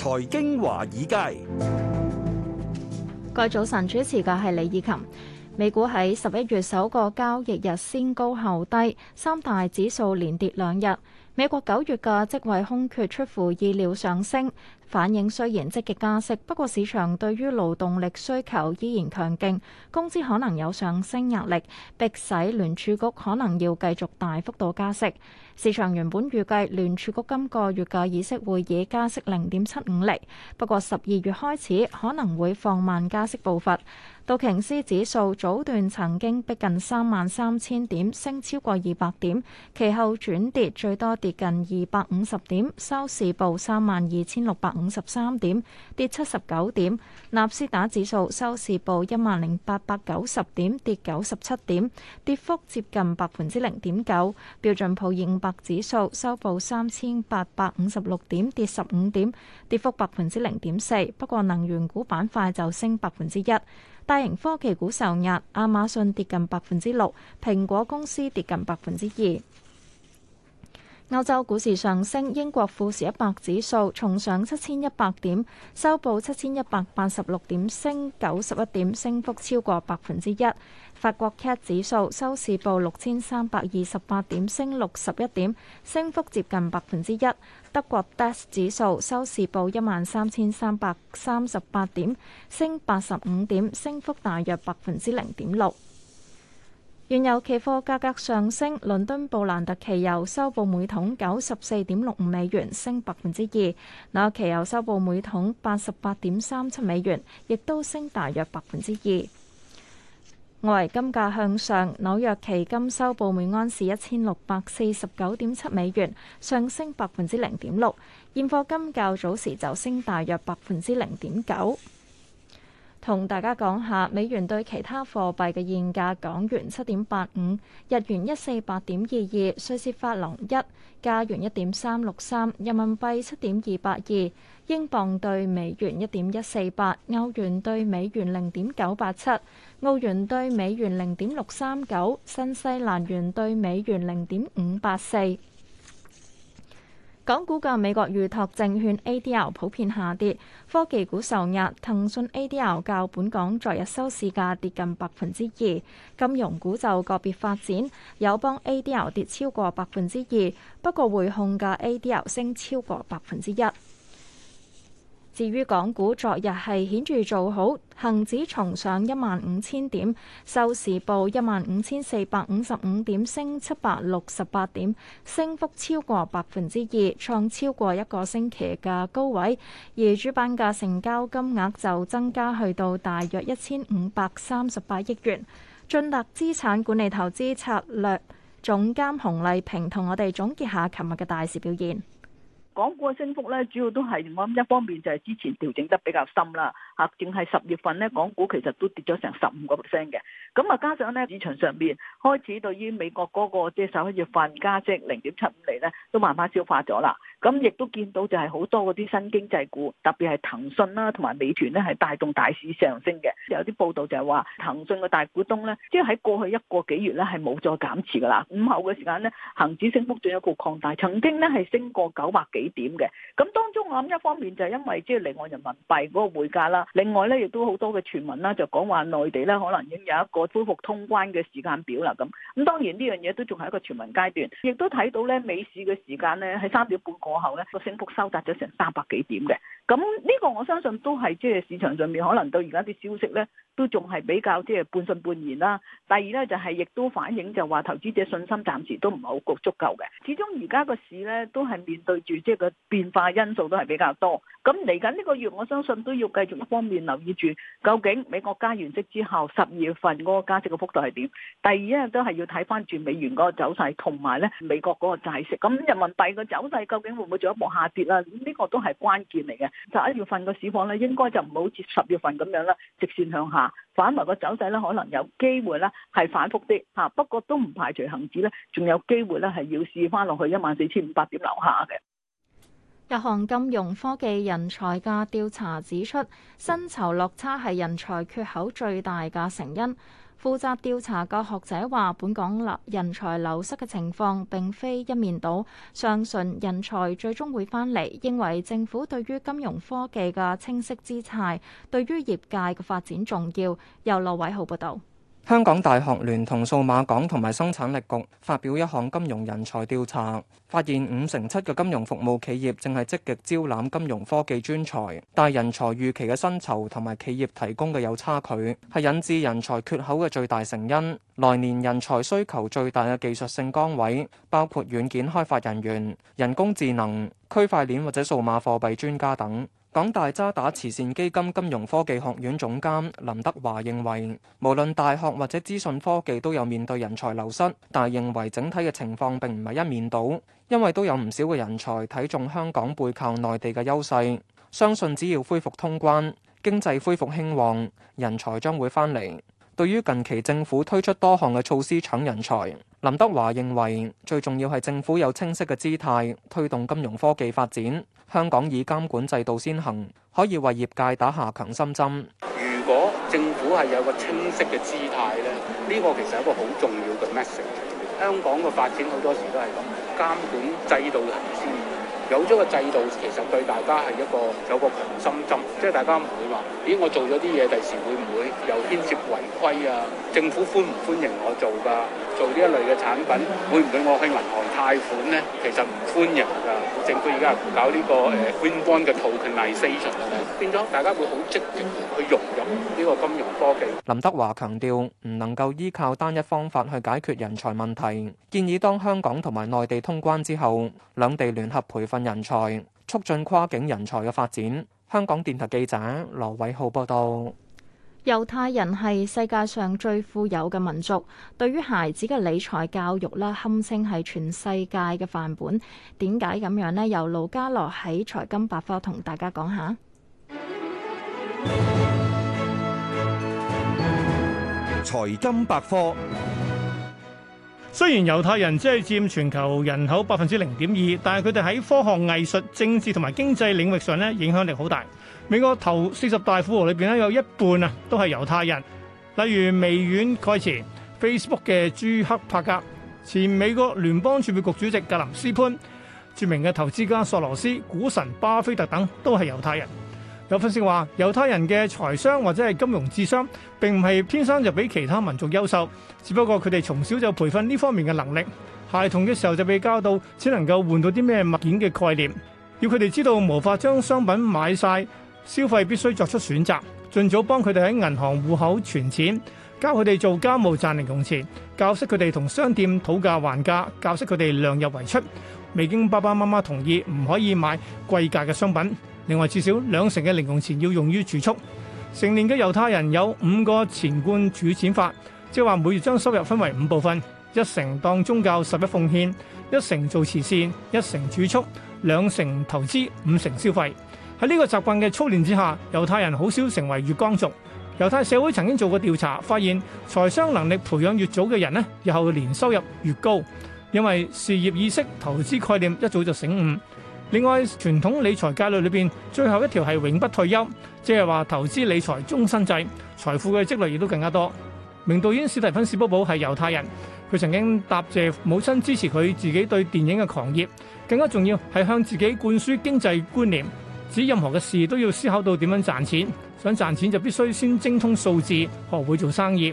財經華爾街，各位早晨，主持嘅係李以琴。美股喺十一月首個交易日先高後低，三大指數連跌兩日。美國九月嘅職位空缺出乎意料上升，反映雖然積極加息，不過市場對於勞動力需求依然強勁，工資可能有上升壓力，迫使聯儲局可能要繼續大幅度加息。市場原本預計聯儲局今個月嘅議息會議加息零點七五厘，不過十二月開始可能會放慢加息步伐。道瓊斯指數早段曾經逼近三萬三千點，升超過二百點，其後轉跌，最多跌近二百五十點，收市報三萬二千六百五十三點，跌七十九點。納斯達指數收市報一萬零八百九十點，跌九十七點，跌幅接近百分之零點九。標準普爾五百指數收報三千八百五十六點，跌十五點，跌幅百分之零點四。不過能源股板塊就升百分之一。大型科技股受壓，亞馬遜跌近百分之六，蘋果公司跌近百分之二。歐洲股市上升，英國富時一百指數重上七千一百點，收報七千一百八十六點，升九十一點，升幅超過百分之一。法國 CAC 指數收市報六千三百二十八點，升六十一點，升幅接近百分之一。德國 DAX 指數收市報一萬三千三百三十八點，升八十五點，升幅大約百分之零點六。原油期貨價格上升，倫敦布蘭特期油收報每桶九十四點六五美元，升百分之二；紐約期油收報每桶八十八點三七美元，亦都升大約百分之二。外圍金價向上，紐約期金收報每盎司一千六百四十九點七美元，上升百分之零點六；現貨金較早時就升大約百分之零點九。同大家講下美元對其他貨幣嘅現價：港元七點八五，日元一四八點二二，瑞士法郎一，加元一點三六三，人民幣七點二八二，英鎊對美元一點一四八，歐元對美元零點九八七，澳元對美元零點六三九，新西蘭元對美元零點五八四。港股嘅美國預託證券 ADR 普遍下跌，科技股受壓，騰訊 ADR 較本港昨日收市價跌近百分之二。金融股就個別發展，友邦 ADR 跌超過百分之二，不過匯控嘅 ADR 升超過百分之一。至於港股昨日係顯著做好，恒指重上一萬五千點，收市報一萬五千四百五十五點，升七百六十八點，升幅超過百分之二，創超過一個星期嘅高位。而主板嘅成交金額就增加去到大約一千五百三十八億元。進達資產管理投資策略總監洪麗萍同我哋總結下琴日嘅大市表現。港股嘅升幅咧，主要都係我諗一方面就係之前調整得比較深啦，嚇，淨係十月份咧，港股其實都跌咗成十五個 percent 嘅，咁啊加上咧市場上面開始對於美國嗰個即係十一月份加息零點七五厘咧，都慢慢消化咗啦。咁亦都見到就係好多嗰啲新經濟股，特別係騰訊啦、啊，同埋美團咧，係帶動大市上升嘅。有啲報道就係話騰訊嘅大股東咧，即係喺過去一個幾月咧係冇再減持㗎啦。午後嘅時間咧，恒指升幅進一步擴大，曾經咧係升過九百幾點嘅。咁當中我諗一方面就係因為即係、就是、離岸人民幣嗰個匯價啦，另外咧亦都好多嘅傳聞啦，就講話內地咧可能已經有一個恢復通關嘅時間表啦咁。咁當然呢樣嘢都仲係一個傳聞階段，亦都睇到咧美市嘅時間咧喺三點半過後咧個升幅收窄咗成三百幾點嘅，咁呢個我相信都係即係市場上面可能到而家啲消息咧。 都仲係比較即係半信半疑啦。第二咧就係亦都反映就話投資者信心暫時都唔係好夠足夠嘅。始終而家個市咧都係面對住即係個變化因素都係比較多。咁嚟緊呢個月我相信都要繼續一方面留意住究竟美國加完息之後十二月份嗰個加息嘅幅度係點。第二咧都係要睇翻住美元嗰個走勢同埋咧美國嗰個債息。咁人民幣個走勢究竟會唔會進一步下跌啦？呢個都係關鍵嚟嘅。十一月份個市況咧應該就唔好似十月份咁樣啦，直線向下。反埋個走勢咧，可能有機會咧係反覆啲嚇，不過都唔排除恆指咧，仲有機會咧係要試翻落去一萬四千五百點樓下嘅。一項金融科技人才嘅調查指出，薪酬落差係人才缺口最大嘅成因。負責調查嘅學者話，本港立人才流失嘅情況並非一面倒，相信人才最終會翻嚟。認為政府對於金融科技嘅清晰姿態，對於業界嘅發展重要。由劉偉豪報導。香港大學聯同數碼港同埋生產力局發表一項金融人才調查，發現五成七嘅金融服務企業正係積極招攬金融科技專才，但人才預期嘅薪酬同埋企業提供嘅有差距，係引致人才缺口嘅最大成因。來年人才需求最大嘅技術性崗位，包括軟件開發人員、人工智能、區塊鏈或者數碼貨幣專家等。港大渣打慈善基金金融科技學院總監林德華認為，無論大學或者資訊科技都有面對人才流失，但係認為整體嘅情況並唔係一面倒，因為都有唔少嘅人才睇中香港背靠內地嘅優勢。相信只要恢復通關，經濟恢復興旺，人才將會翻嚟。對於近期政府推出多項嘅措施搶人才。林德華認為最重要係政府有清晰嘅姿態推動金融科技發展，香港以監管制度先行，可以為業界打下強心針。如果政府係有個清晰嘅姿態咧，呢個其實係一個好重要嘅 message。香港嘅發展好多時都係咁，監管制度有咗個制度，其實對大家係一個有個強心針，即係大家唔會話：咦，我做咗啲嘢，第時會唔會又牽涉違規啊？政府歡唔歡迎我做㗎？做呢一類嘅產品，會唔會我去銀行貸款呢？其實唔歡迎㗎。政府而家係搞呢個誒官方嘅 tokenisation，變咗大家會好積極去融入呢個金融科技。林德華強調唔能夠依靠單一方法去解決人才問題，建議當香港同埋內地通關之後，兩地聯合培訓。人才促進跨境人才嘅發展。香港電台記者羅偉浩報道，猶太人係世界上最富有嘅民族，對於孩子嘅理財教育啦，堪稱係全世界嘅範本。點解咁樣咧？由盧家樂喺財金百科同大家講下。財金百科。雖然猶太人只係佔全球人口百分之零點二，但係佢哋喺科學、藝術、政治同埋經濟領域上咧，影響力好大。美國頭四十大富豪裏邊咧，有一半啊都係猶太人，例如微軟蓋茨、Facebook 嘅朱克柏格、前美國聯邦儲備局主席格林斯潘、著名嘅投資家索羅斯、股神巴菲特等都係猶太人。有分析話，猶太人嘅財商或者係金融智商並唔係天生就比其他民族優秀，只不過佢哋從小就培訓呢方面嘅能力，孩童嘅時候就被教到，只能夠換到啲咩物件嘅概念，要佢哋知道無法將商品買晒，消費必須作出選擇，盡早幫佢哋喺銀行戶口存錢，教佢哋做家務賺零用錢，教識佢哋同商店討價還價，教識佢哋量入為出，未經爸爸媽媽同意唔可以買貴價嘅商品。另外，至少兩成嘅零用錢要用於儲蓄。成年嘅猶太人有五個錢罐儲錢法，即係話每月將收入分為五部分：一成當宗教十一奉獻，一成做慈善，一成儲蓄，兩成投資，五成消費。喺呢個習慣嘅操練之下，猶太人好少成為月光族。猶太社會曾經做過調查，發現財商能力培養越早嘅人呢，日後年收入越高，因為事業意識、投資概念一早就醒悟。另外，傳統理財戒律裏邊，最後一條係永不退休，即係話投資理財終身制，財富嘅積累亦都更加多。名導演史提芬史匹堡係猶太人，佢曾經答謝母親支持佢自己對電影嘅狂熱。更加重要係向自己灌輸經濟觀念，指任何嘅事都要思考到點樣賺錢，想賺錢就必須先精通數字，學會做生意。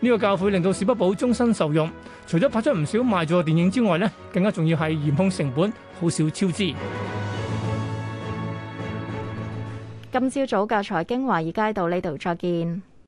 呢個教訓令到史匹堡終身受用，除咗拍出唔少賣座電影之外呢，更加重要係嚴控成本，好少超支。今朝早嘅財經華爾街到呢度再見。